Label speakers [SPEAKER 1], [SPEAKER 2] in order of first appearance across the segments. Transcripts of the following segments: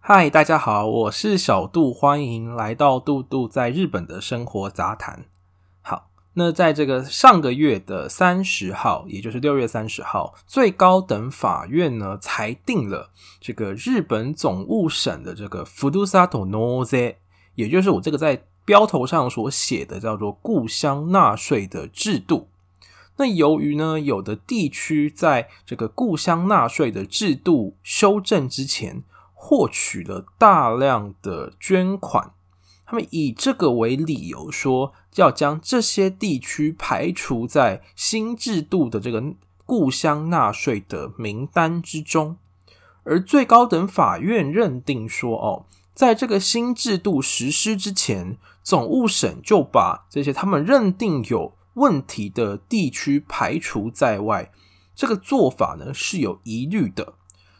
[SPEAKER 1] 嗨，大家好，我是小杜，歡迎來到杜杜在日本的生活雜談。好，那在這個上個月的三十號，也就是六月三十號，最高等法院呢，裁定了這個日本總務省的這個ふるさと納稅，也就是我這個在。標頭上所寫的叫做“故鄉納稅”的制度，那由於呢，有的地區在這個“故鄉納稅”的制度修正之前獲取了大量的捐款，他們以這個為理由說，要將這些地區排除在新制度的這個“故鄉納稅”的名單之中，而最高等法院認定說，哦。在這個新制度實施之前，總務省就把這些他們認定有問題的地區排除在外，這個做法呢是有疑慮的，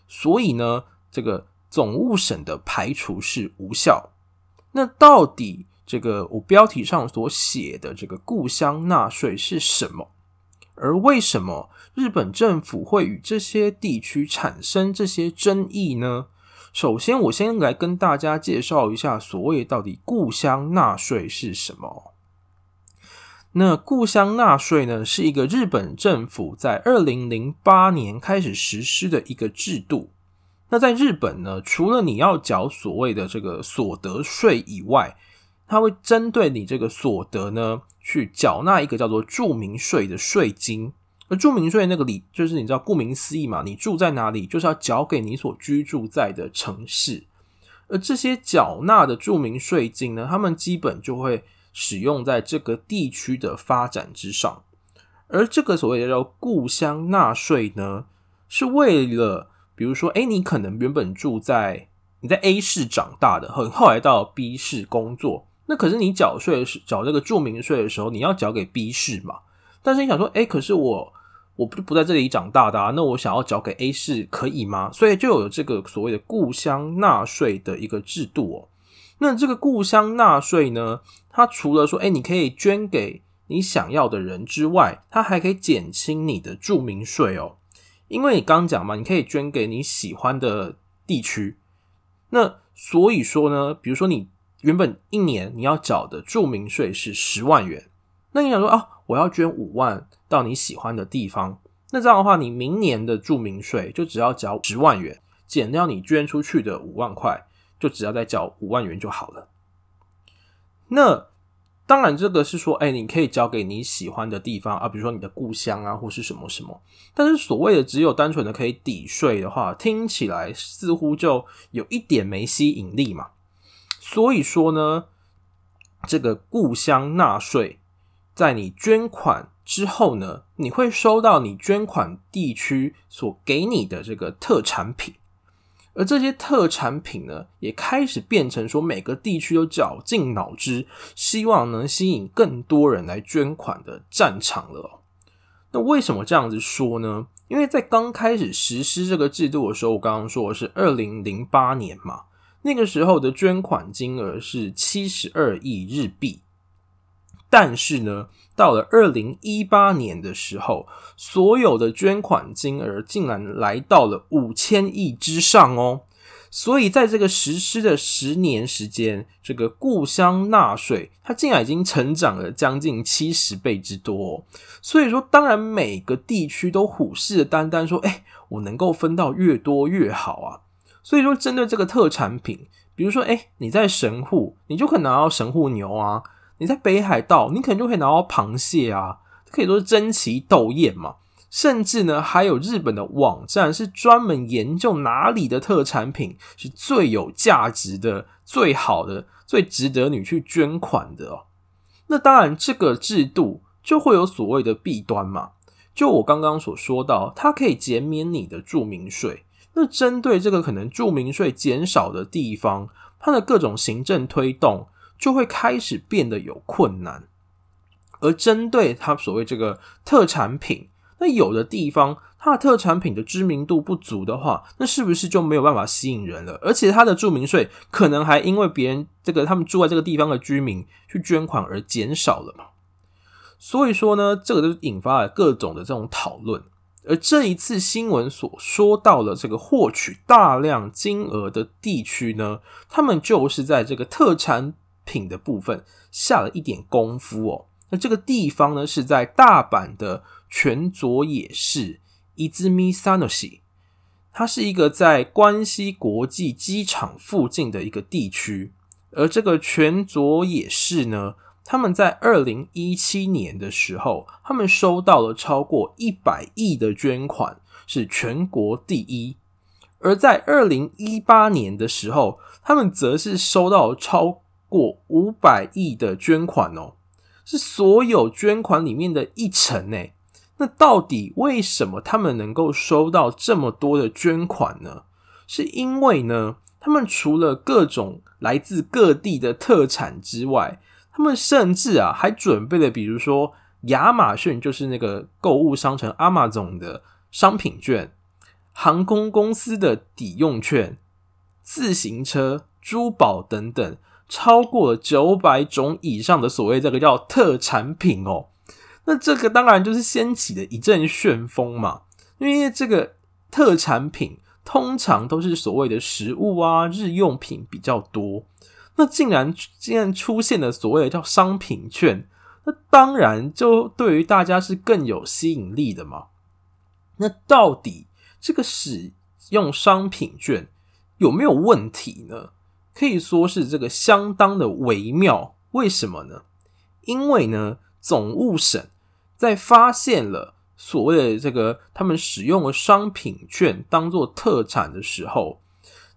[SPEAKER 1] 所以呢，這個總務省的排除是無效。那到底這個我標題上所寫的這個故鄉納稅是什麼？而為什麼日本政府會與這些地區產生這些爭議呢？首先，我先來跟大家介紹一下所謂到底故鄉納稅是什麼。那故鄉納稅呢，是一個日本政府在二零零八年開始實施的一個制度。那在日本呢，除了你要繳所謂的這個所得稅以外，它會針對你這個所得呢，去繳納一個叫做住民稅的稅金。而住民稅那個裡，就是你知道，顧名思義嘛，你住在哪裡，就是要繳給你所居住在的城市。而這些繳納的住民稅金呢，他們基本就會使用在這個地區的發展之上。而這個所謂的叫“故鄉納稅”呢，是為了，比如說，哎，你可能原本住在你在 A 市長大的，很後來到 B 市工作，那可是你繳稅是繳這個住民稅的時候，你要繳給 B 市嘛，但是你想說，哎，可是我。我不不在這裡長大的，啊，那我想要繳給 A 市可以嗎？所以就有這個所謂的故鄉納稅的一個制度哦、喔。那這個故鄉納稅呢，它除了說，誒、欸，你可以捐給你想要的人之外，它還可以減輕你的住民稅哦、喔。因為你剛講嘛，你可以捐給你喜歡的地區。那所以說呢，比如說你原本一年你要繳的住民稅是十萬元，那你想說啊？哦我要捐五萬到你喜歡的地方，那這樣的話，你明年的住民稅就只要繳十萬元，減掉你捐出去的五萬塊，就只要再繳五萬元就好了。那當然，這個是說，哎，你可以交給你喜歡的地方啊，比如說你的故鄉啊，或是什麼什麼。但是所謂的只有單純的可以抵稅的話，聽起來似乎就有一點沒吸引力嘛。所以說呢，這個故鄉納稅。在你捐款之後呢，你會收到你捐款地區所給你的這個特產品，而這些特產品呢，也開始變成說每個地區都絞盡腦汁，希望能吸引更多人來捐款的戰場了。那為什麼這樣子說呢？因為在剛開始實施這個制度的時候，我剛剛說的是二零零八年嘛，那個時候的捐款金額是七十二億日幣。但是呢，到了二零一八年的時候，所有的捐款金額竟然來到了五千億之上哦。所以，在這個實施的十年時間，這個故鄉納稅，它竟然已經成長了將近七十倍之多、哦。所以說，當然每個地區都虎視眈眈，說：“哎、欸，我能夠分到越多越好啊。”所以說，針對這個特產品，比如說，哎、欸，你在神戶，你就可能拿到神戶牛啊。你在北海道，你可能就可以拿到螃蟹啊，可以說是爭奇鬥豔嘛。甚至呢，還有日本的網站是專門研究哪裡的特產品是最有價值的、最好的、最值得你去捐款的哦、喔。那當然，這個制度就會有所謂的弊端嘛。就我剛剛所說到，它可以減免你的住民稅。那針對這個可能住民稅減少的地方，它的各種行政推動。就會開始變得有困難，而針對他所謂這個特產品，那有的地方它的特產品的知名度不足的話，那是不是就沒有辦法吸引人了？而且它的住民稅可能還因為別人這個他們住在這個地方的居民去捐款而減少了嘛？所以說呢，這個就引發了各種的這種討論。而這一次新聞所說到的這個獲取大量金額的地區呢，他們就是在這個特產。品的部分下了一點功夫哦、喔。那這個地方呢，是在大阪的泉佐野市伊茲米薩諾西，它是一個在關西國際機場附近的一個地區。而這個泉佐野市呢，他們在二零一七年的時候，他們收到了超過一百億的捐款，是全國第一。而在二零一八年的時候，他們則是收到了超。過五百億的捐款哦、喔，是所有捐款裡面的一成呢、欸。那到底為什麼他們能夠收到這麼多的捐款呢？是因為呢，他們除了各種來自各地的特產之外，他們甚至啊還準備了，比如說亞馬遜就是那個購物商城 Amazon 的商品券、航空公司的抵用券、自行車、珠寶等等。超過九百種以上的所謂這個叫特產品哦、喔，那這個當然就是掀起的一陣旋風嘛。因為這個特產品通常都是所謂的食物啊、日用品比較多，那竟然竟然出現的所謂的叫商品券，那當然就對於大家是更有吸引力的嘛。那到底這個使用商品券有沒有問題呢？可以說是這個相當的微妙，為什麼呢？因為呢，總務省在發現了所謂的這個他們使用了商品券當做特產的時候，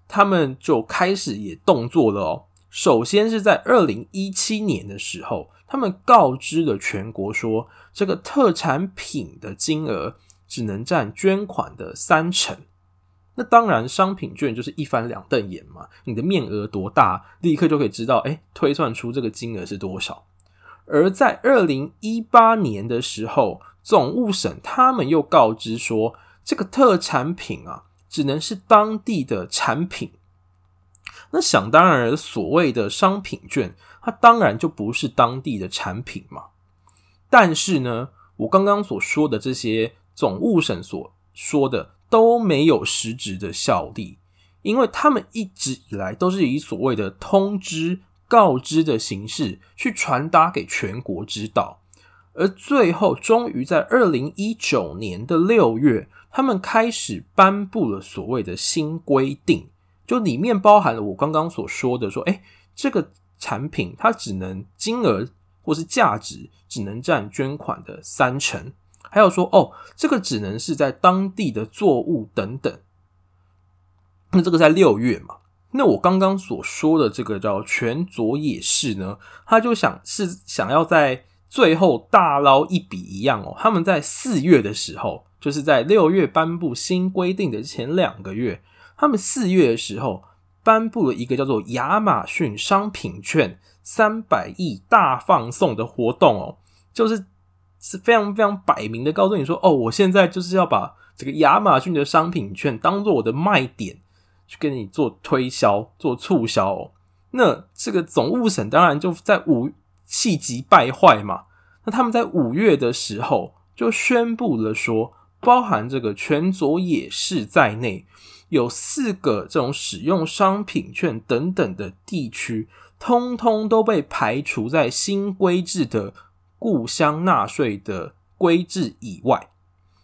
[SPEAKER 1] 他們就開始也動作了哦、喔。首先是在二零一七年的時候，他們告知了全國說，這個特產品的金額只能占捐款的三成。那當然，商品券，就是一翻兩瞪眼嘛。你的面額多大，立刻就可以知道，哎、欸，推算出這個金額是多少。而在二零一八年的時候，總務省他們又告知說，這個特產品啊，只能是當地的產品。那想當然而，所謂的商品券，它當然就不是當地的產品嘛。但是呢，我剛剛所說的這些，總務省所說的，都沒有實質的效力，因為他們一直以來都是以所謂的通知告知的形式去傳達給全國知道，而最後終於在二零一九年的六月，他們開始頒布了所謂的新規定，就裡面包含了我剛剛所說的說，說、欸、誒，這個產品它只能金額或是價值只能佔捐款的三成。還有說哦，這個只能是在當地的作物等等。那這個在六月嘛？那我剛剛所說的這個叫泉佐野市呢，他就想是想要在最後大撈一筆一樣哦。他們在四月的時候，就是在六月頒布新規定的前兩個月，他們四月的時候頒布了一個叫做亞馬遜商品券三百億大放送的活動哦，就是。是非常非常擺明的，告訴你說：“哦，我現在就是要把這個亞馬遜的商品券當做我的賣點，去跟你做推銷、做促銷、哦。”那這個總務省當然就在五氣急敗壞嘛。那他們在五月的時候就宣布了說，包含這個泉佐野市在內，有四個這種使用商品券等等的地區，通通都被排除在新規制的。故鄉納稅的規制以外，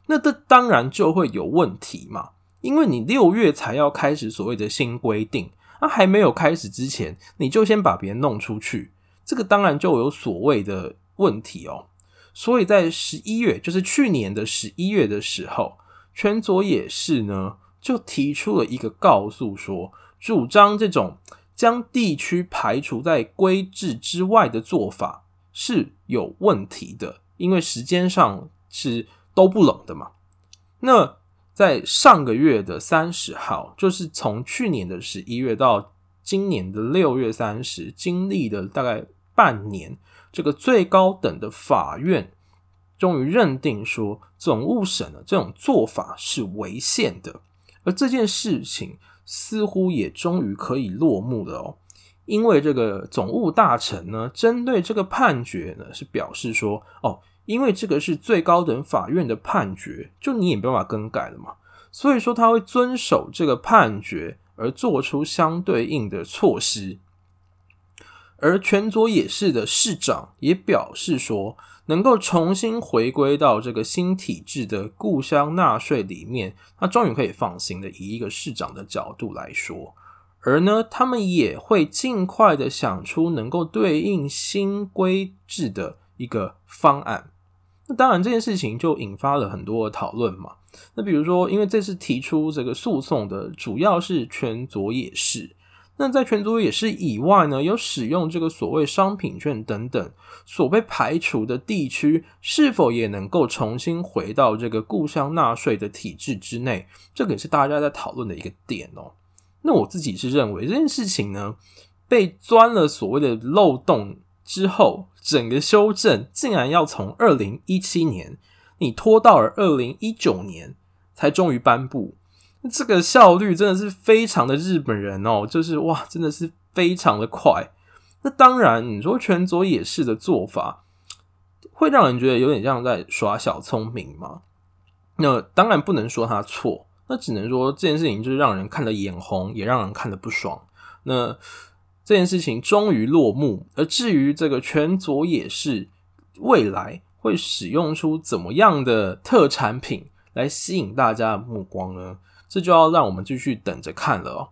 [SPEAKER 1] 那這當然就會有問題嘛。因為你六月才要開始所謂的新規定，那、啊、還沒有開始之前，你就先把別人弄出去，這個當然就有所謂的問題哦、喔。所以在十一月，就是去年的十一月的時候，泉佐野市呢，就提出了一個告訴說，主張這種將地區排除在規制之外的做法，是有問題的，因為時間上是都不冷的嘛。那在上個月的三十號，就是從去年的十一月到今年的六月三十，經歷了大概半年，這個最高等的法院終於認定說，總務省的這種做法是違憲的，而這件事情似乎也終於可以落幕了哦。因為這個總務大臣呢，針對這個判決呢，是表示說，哦，因為這個是最高等法院的判決，就你也沒辦法更改了嘛，所以說他會遵守這個判決而做出相對應的措施。而泉佐野市的市長也表示說，能夠重新回歸到這個新體制的故鄉納稅裡面，他終於可以放心的以一個市長的角度來說。而呢，他們也會儘快地想出能夠對應新規制的一個方案。那當然，這件事情就引發了很多的討論嘛。那比如說，因為這次提出這個訴訟的主要是泉佐野市，那在泉佐野市以外呢，有使用這個所謂商品券等等所被排除的地區，是否也能夠重新回到這個故鄉納稅的體制之內？這個也是大家在討論的一個點哦。那我自己是認為這件事情呢，被鑽了所謂的漏洞之後，整個修正竟然要從二零一七年，你拖到了二零一九年才終於頒布，這個效率真的是非常的日本人哦、喔，就是哇，真的是非常的快。那當然，你說泉佐野市的做法，會讓人覺得有點像在耍小聰明嗎？那當然不能說他錯。那只能說這件事情就是讓人看得眼紅，也讓人看得不爽。那這件事情終於落幕，而至於這個泉佐野市未來會使用出怎麼樣的特產品來吸引大家的目光呢？這就要讓我們繼續等着看了喔。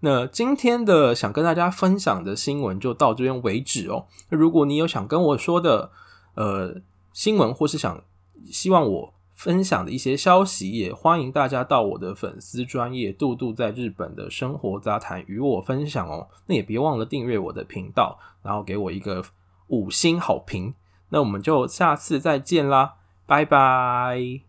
[SPEAKER 1] 那今天的想跟大家分享的新聞就到這邊為止喔。那如果你有想跟我說的呃新聞，或是想希望我。分享的一些消息，也歡迎大家到我的粉絲專業。杜杜在日本的生活雜談與我分享哦。那也別忘了訂閱我的頻道，然後給我一個五星好評。那我們就下次再見啦，拜拜。